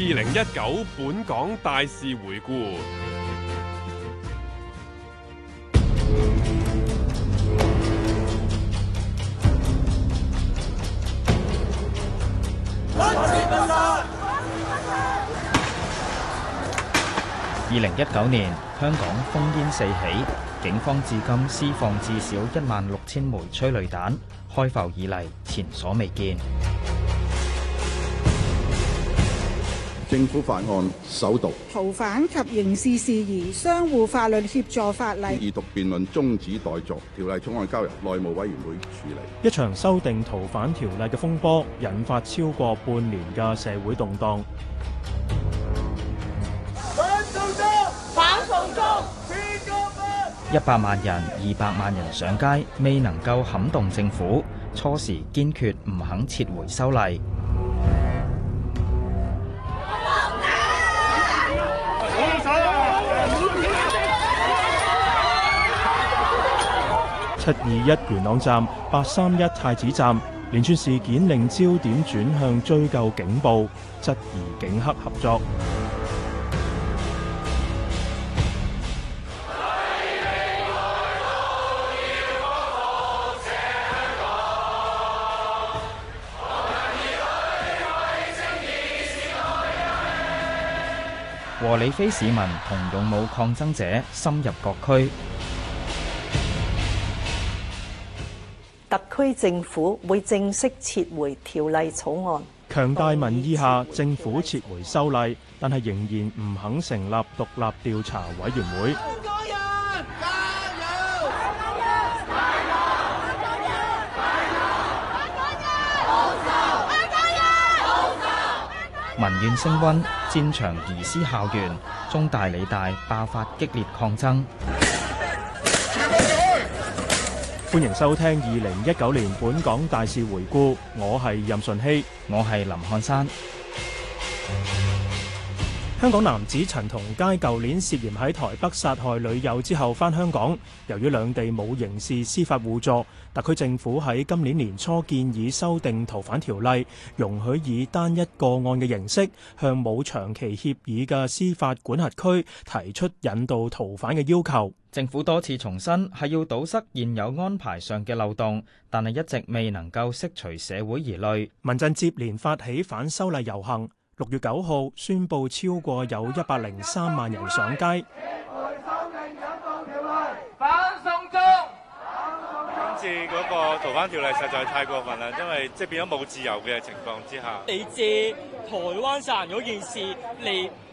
二零一九本港大事回顧。二零一九年，香港烽煙四起，警方至今施放至少一萬六千枚催淚彈，開埠以嚟前所未見。政府法案首讀，逃犯及刑事事宜相互法律協助法例二讀辯論終止待續，條例草案交由內務委員會處理。一場修訂逃犯條例嘅風波，引發超過半年嘅社會動盪。一百萬人、二百萬人上街，未能夠撼動政府。初時堅決唔肯撤回修例。七二一元朗站、八三一太子站連串事件令焦點轉向追究警暴，質疑警黑合作。 和理非市民同勇武抗爭者深入各區。特區政府會正式撤回條例草案。強大民意下，政府撤回修例，但係仍然唔肯成立獨立調查委員會。民怨升溫，加油！加油！戰場移師校園，中大、理大爆發激烈抗爭。歡迎收聽2019年本港大事回顧。我係任順熙。我係林漢山。香港男子陳同佳舊年涉嫌喺台北殺害女友之後返香港。由於兩地冇刑事司法互助，特區政府喺今年年初建議修訂逃犯條例，容許以單一個案嘅形式向冇長期協議嘅司法管轄區提出引渡逃犯嘅要求。政府多次重申係要堵塞現有安排上嘅漏洞，但係一直未能夠釋除社會疑慮。民陣接連發起反修例遊行6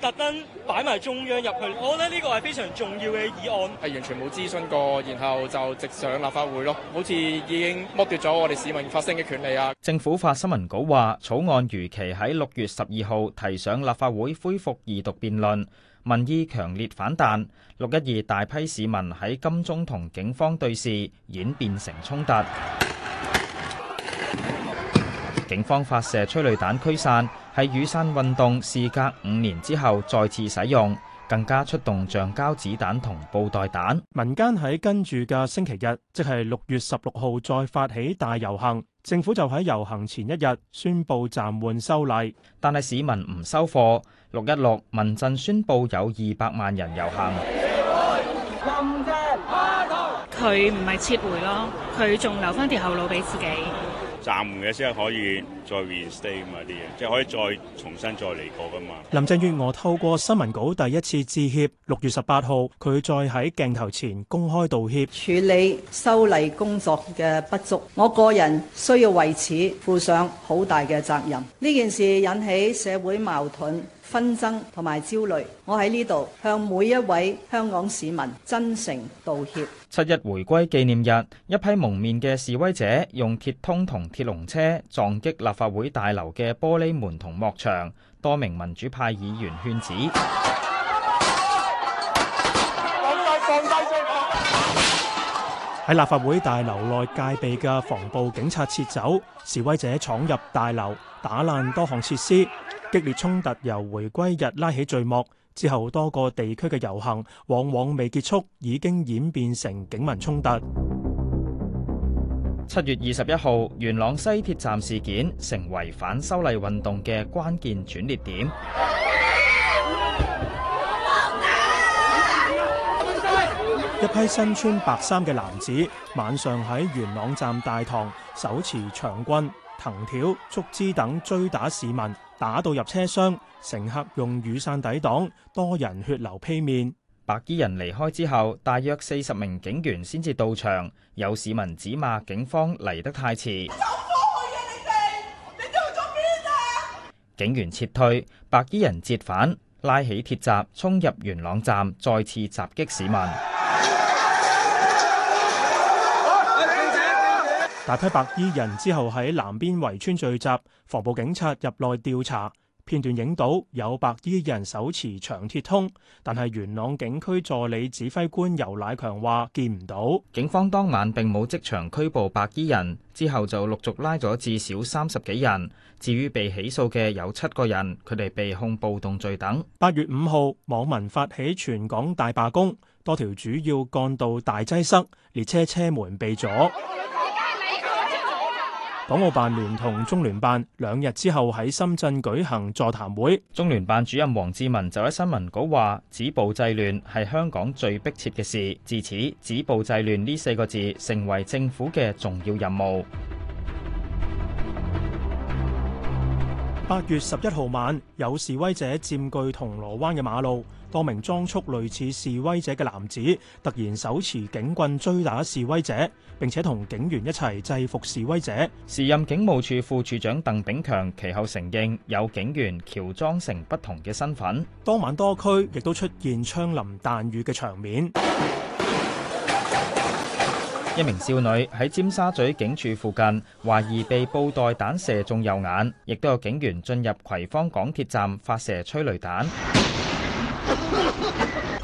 特登擺埋中央入去，我覺得呢個係非常重要嘅議案。係完全冇諮詢過，然後就直上立法會咯，好似已經剝奪咗我哋市民發聲嘅權利啊！政府發新聞稿話，草案如期喺六月十二號提上立法會恢復二讀辯論，民意強烈反彈。六一二大批市民喺金鐘同警方對峙，演變成衝突， 警方發射催淚彈驅散。喺雨傘運動事隔五年之後再次使用，更加出動橡膠子彈同布袋彈。民間喺跟住嘅星期日，即係六月十六號再發起大遊行，政府就喺遊行前一日宣布暫緩修例，但係市民唔收貨。六一六民陣宣布有二百萬人遊行。佢唔係撤回咯，佢仲留翻條後路俾自己。暫緩嘅先可以再 reinstate 嘛啲嘢，即係可以再重新再嚟過嘛。林鄭月娥透過新聞稿第一次致歉。六月十八號，佢再喺鏡頭前公開道歉，處理修例工作嘅不足，我個人需要為此負上好大嘅責任。呢件事引起社會矛盾紛爭同埋焦慮，我喺呢度向每一位香港市民真誠道歉。七一回歸紀念日，一批蒙面嘅示威者用鐵通同鐵籠車撞擊立法會大樓嘅玻璃門同幕牆，多名民主派議員勸止。喺立法會大樓內戒備嘅防暴警察撤走，示威者闖入大樓打爛多項設施。激烈衝突由回歸日拉起序幕，之後多個地區嘅遊行往往未結束已經演變成警民衝突。七月二十一號，元朗西鐵站事件成為反修例運動嘅關鍵轉捩點。一批身穿白衫嘅男子晚上喺元朗站大堂手持長棍、藤條、竹枝等追打市民。打到入車廂，乘客用雨傘抵擋，多人血流披面。白衣人離開之後，大約四十名警員先至到場，有市民指罵警方嚟得太遲。 警員撤退，白衣人折返，拉起鐵閘，衝入元朗站，再次襲擊市民。大批白衣人之後喺南邊圍村聚集，防暴警察入內調查。片段影到有白衣人手持長鐵通，但係元朗警區助理指揮官游乃強話見唔到。警方當晚並冇即場拘捕白衣人，之後就陸續拉咗至少三十幾人。至於被起訴嘅有七個人，佢哋被控暴動罪等。八月五號，網民發起全港大罷工，多條主要幹道大擠塞，列車車門被阻。港澳辦聯同中聯辦兩日之後喺深圳舉行座談會，中聯辦主任王志文就喺新聞稿話：止暴制亂係香港最迫切嘅事。自此，止暴制亂呢四個字成為政府嘅重要任務。八月十一號晚，有示威者佔據銅鑼灣嘅馬路。多名裝束類似示威者嘅男子突然手持警棍追打示威者，並且同警員一齊制服示威者。時任警務處副處長鄧炳強其後承認有警員喬裝成不同嘅身份。當晚多區亦都出現槍林彈雨嘅場面。一名少女喺尖沙咀警署附近懷疑被布袋彈射中右眼，亦都有警員進入葵芳港鐵站發射催淚彈。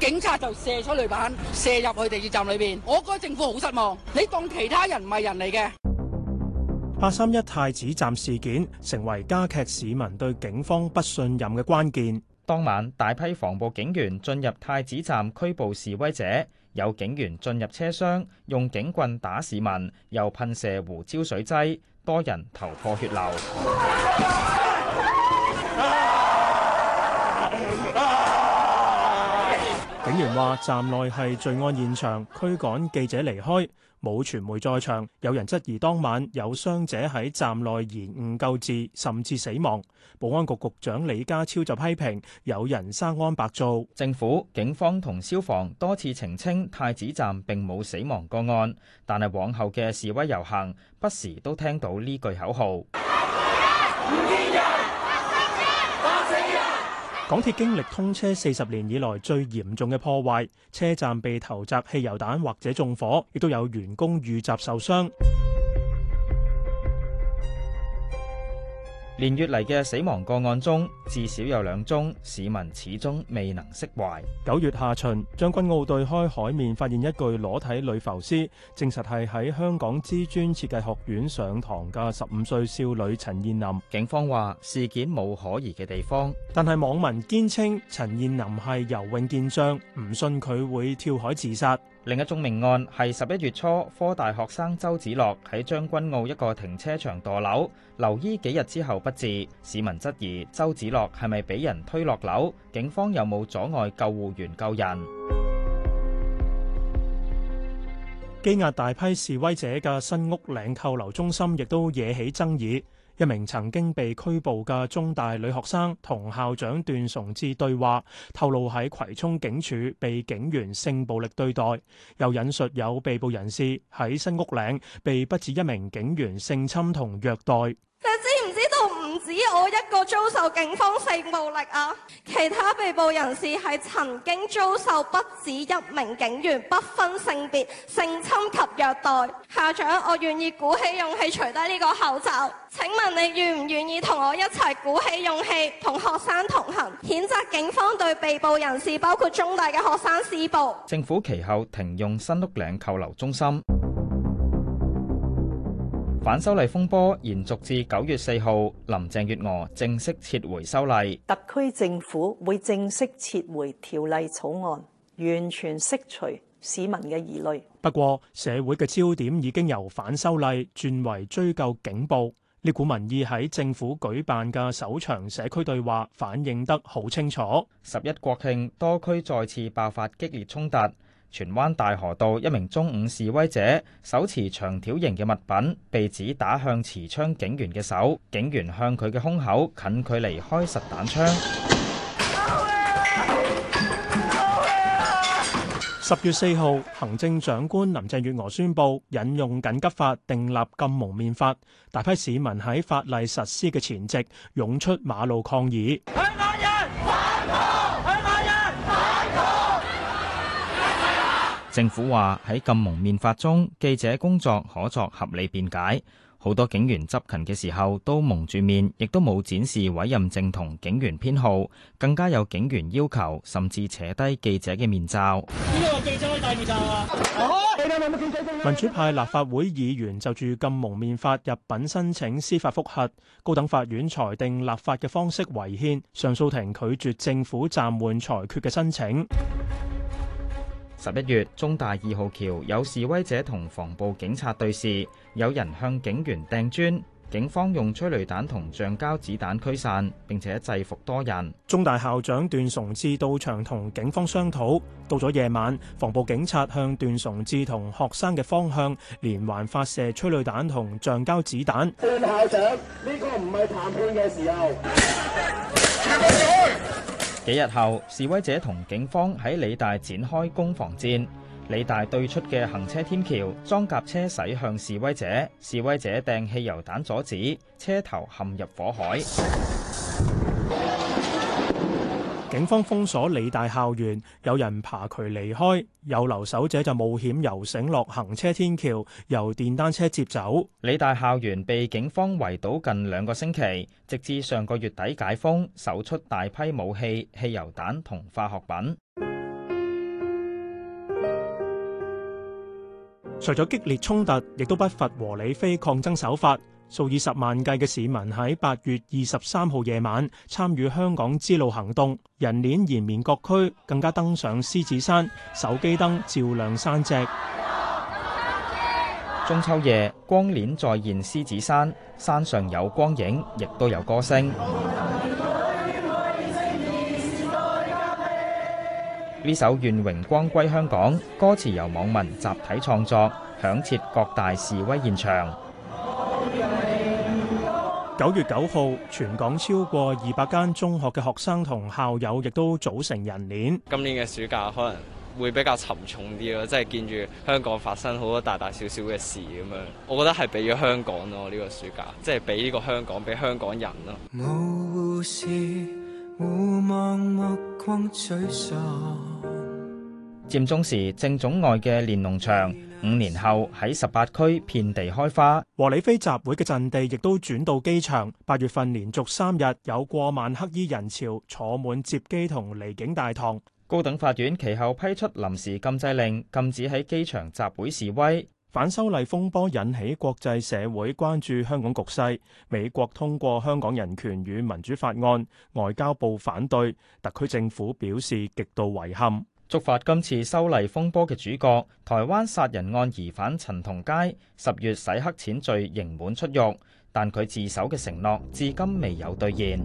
警察就射出雷板射入去地鐵站裏邊，我覺得政府好失望。你當其他人唔係人嚟嘅？八三一太子站事件成為加劇市民對警方不信任嘅關鍵。當晚大批防暴警員進入太子站拘捕示威者，有警員進入車廂用警棍打市民，又噴射胡椒水劑，多人頭破血流。 員話站內係罪案現場，驅趕記者離開，冇傳媒在場。有人質疑當晚有傷者喺站內延誤救治，甚至死亡。保安局局長李家超就批評有人生安白做。政府、警方同消防多次澄清太子站並冇死亡個案，但係往後嘅示威遊行不時都聽到呢句口號。港鐵經歷通車四十年以來最嚴重嘅破壞，車站被投擲汽油彈或者縱火，亦都有員工遇襲受傷。連月嚟嘅死亡個案中，至少有兩宗市民始終未能釋懷。九月下旬，將軍澳對開海面發現一具裸體女浮屍，證實係喺香港資專設計學院上堂嘅十五歲少女陳燕琳。警方話事件冇可疑嘅地方，但係網民堅稱陳燕琳係游泳健將，唔信佢會跳海自殺。另一宗命案係十一月初，科大學生周梓樂喺將軍澳一個停車場墮樓，留醫幾日之後不治。市民質疑周梓樂係咪俾人推落樓？警方有冇阻礙救護員救人？羈押大批示威者嘅新屋嶺扣留中心亦都惹起爭議。一名曾經被拘捕嘅中大女學生同校長段崇智對話，透露喺葵涌警署被警員性暴力對待，又引述有被捕人士喺新屋嶺被不止一名警員性侵同虐待。唔止我一個遭受警方性暴力啊！其他被捕人士係曾經遭受不止一名警員不分性別性侵及虐待。校長，我願意鼓起勇氣除低呢個口罩。請問你願唔願意同我一齊鼓起勇氣同學生同行，譴責警方對被捕人士，包括中大嘅學生施暴。政府其後停用新屋嶺扣留中心。反修例風波延續至九月四號，林鄭月娥正式撤回修例。特區政府會正式撤回條例草案，完全釋除市民嘅疑慮。不過，社會嘅焦點已經由反修例轉為追究警暴。呢股民意喺政府舉辦嘅首場社區對話反映得好清楚。十一國慶，多區再次爆發激烈衝突。荃灣大河道一名中午示威者手持長條形嘅物品，被指打向持槍警員嘅手，警員向佢嘅胸口近距離開實彈槍。十月四號，行政長官林鄭月娥宣布引用緊急法訂立禁蒙面法，大批市民喺法例實施嘅前夕湧出馬路抗議。政府話喺禁蒙面法中，記者工作可作合理辯解。好多警員執勤嘅時候都蒙住面，亦都冇展示委任證同警員編號。更加有警員要求，甚至扯低記者嘅面罩。民主派立法會議員就住禁蒙面法入稟申請司法覆核，高等法院裁定立法嘅方式違憲，上訴庭拒絕政府暫緩裁決嘅申請。十一月，中大二號橋有示威者同防暴警察對峙，有人向警員掟磚，警方用催淚彈同橡膠子彈驅散，並且制服多人。中大校長段崇智到場同警方商討。到咗夜晚，防暴警察向段崇智同學生嘅方向連環發射催淚彈同橡膠子彈。段校長，呢個唔係談判嘅時候。幾日後，示威者同警方喺理大展開攻防戰。理大對出嘅行車天橋，裝甲車駛向示威者，示威者掟汽油彈阻止，車頭陷入火海。警方封鎖理大校園，有人爬渠離開，有留守者就冒險遊繩落行車天橋，由電單車接走。理大校園被警方圍堵近兩個星期，直至上個月底解封，搜出大批武器、汽油彈同化學品。除咗激烈衝突，亦都不乏和理非抗爭手法。數以十萬計嘅市民喺八月二十三號夜晚參與香港之路行動，人鏈延綿各區，更加登上獅子山，手機燈照亮山脊。中秋夜，光鏈再現獅子山，山上有光影，亦都有歌聲。呢首《願榮光歸香港》，歌詞由網民集體創作，響徹各大示威現場。九月九號，全港超過二百間中學嘅學生同校友亦都組成人鏈。今年嘅暑假可能會比較沉重啲咯，即係見住香港發生好多大大小小嘅事咁樣，我覺得係俾咗香港咯，呢個暑假，即係俾呢個香港，俾香港人咯。無佔中時政總外嘅連儂牆，五年後喺十八區遍地開花。和理非集會嘅陣地亦都轉到機場。八月份連續三日有過萬黑衣人潮坐滿接機同離境大堂。高等法院其後批出臨時禁制令，禁止喺機場集會示威。反修例風波引起國際社會關注香港局勢。美國通過香港人權與民主法案，外交部反對，特區政府表示極度遺憾。觸發今次修例風波嘅主角，台灣殺人案疑犯陳同佳，十月洗黑錢罪刑滿出獄，但佢自首嘅承諾至今未有兌現。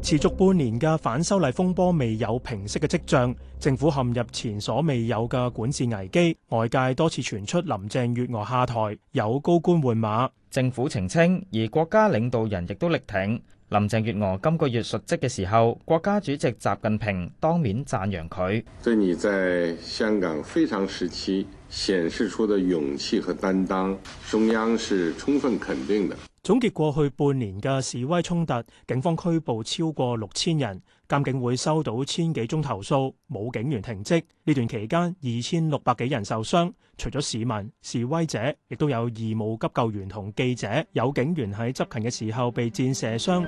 持續半年嘅反修例風波未有平息嘅跡象，政府陷入前所未有嘅管治危機。外界多次傳出林鄭月娥下台，有高官換馬，政府澄清，而國家領導人亦都力挺。林鄭月娥今個月述職嘅時候，國家主席習近平當面讚揚佢。對你在香港非常時期顯示出的勇氣和擔當，中央是充分肯定的。總結過去半年嘅示威衝突，警方拘捕超過六千人。監警會收到千幾宗投訴，冇警員停職。呢段期間，二千六百幾人受傷，除咗市民、示威者，亦都有義務急救員同記者。有警員喺執勤嘅時候被箭射傷。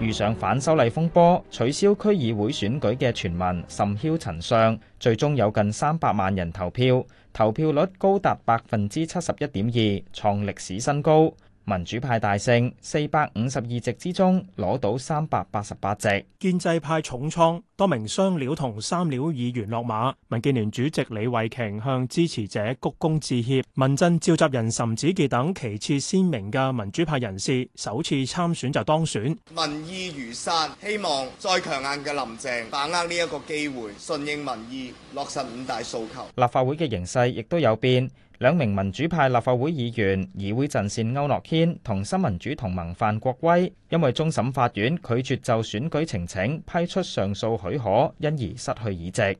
遇上反修例風波，取消區議會選舉嘅傳聞甚囂塵上，最終有近三百萬人投票，投票率高達百分之七十一點二，創歷史新高。民主派大勝，四百五十二席之中攞到三百八十八席。建制派重創，多名雙料同三料議員落馬。民建聯主席李慧瓊向支持者鞠躬致歉。民陣召集人岑子傑等旗幟鮮明嘅民主派人士，首次參選就當選。民意如山，希望再強硬嘅林鄭把握呢一個機會，順應民意，落實五大訴求。立法會嘅形勢亦都有變。兩名民主派立法會議員、議會陣線區諾軒同新民主同盟范國威，因為終審法院拒絕就選舉呈請批出上訴許可，因而失去議席。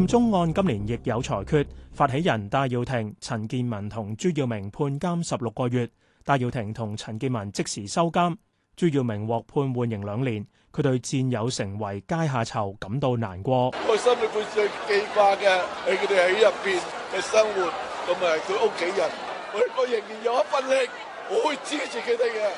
佔中案今年亦有裁決，發起人戴耀廷、陳健民同朱耀明判監十六個月，戴耀廷同陳健民即時收監。朱耀明獲判緩刑兩年，佢對戰友成為階下囚感到難過。我心裡最記掛嘅係佢哋喺入邊嘅生活，咁啊，佢屋企人，我我仍然有一份力，我會支持佢哋嘅。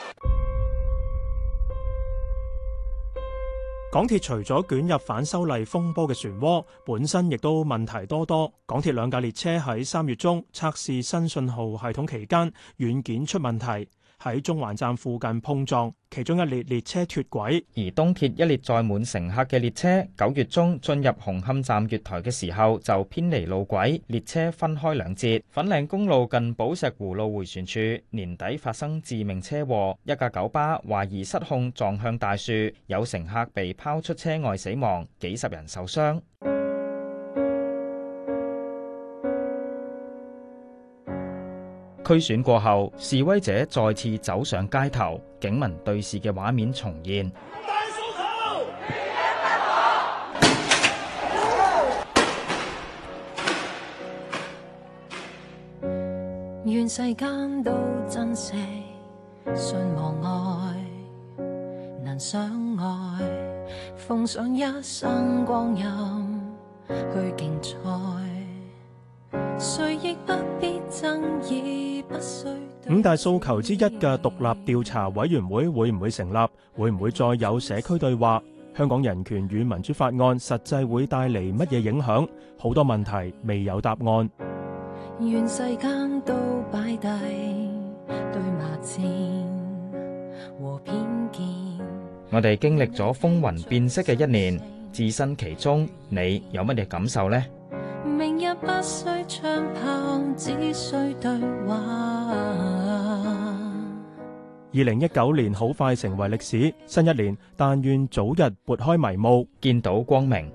港鐵除咗捲入反修例風波嘅漩渦，本身亦都問題多多。港鐵兩架列車喺三月中測試新信號系統期間，軟件出問題。喺中環站附近碰撞，其中一列列車脫軌；而東鐵一列載滿乘客嘅列車，九月中進入紅磡站月台嘅時候就偏離路軌，列車分開兩節。粉嶺公路近寶石湖路回旋處年底發生致命車禍，一架九巴懷疑失控撞向大樹，有乘客被拋出車外死亡，幾十人受傷。區選過後，示威者再次走上街頭，警民對峙嘅畫面重現。願世間都珍惜、信望愛，難相愛，奉上一生光陰去競賽，誰亦不必爭議。五大訴求之一嘅獨立調查委員會會唔會成立？會唔會再有社區對話？香港人權與民主法案實際會帶嚟乜嘢影響？好多問題未有答案。願世間都擺低對罵戰和偏見。我哋經歷咗風雲變色嘅一年，置身其中，你有乜嘢感受呢？2019年好快成為歷史，新一年，但願早日撥開迷霧，見到光明。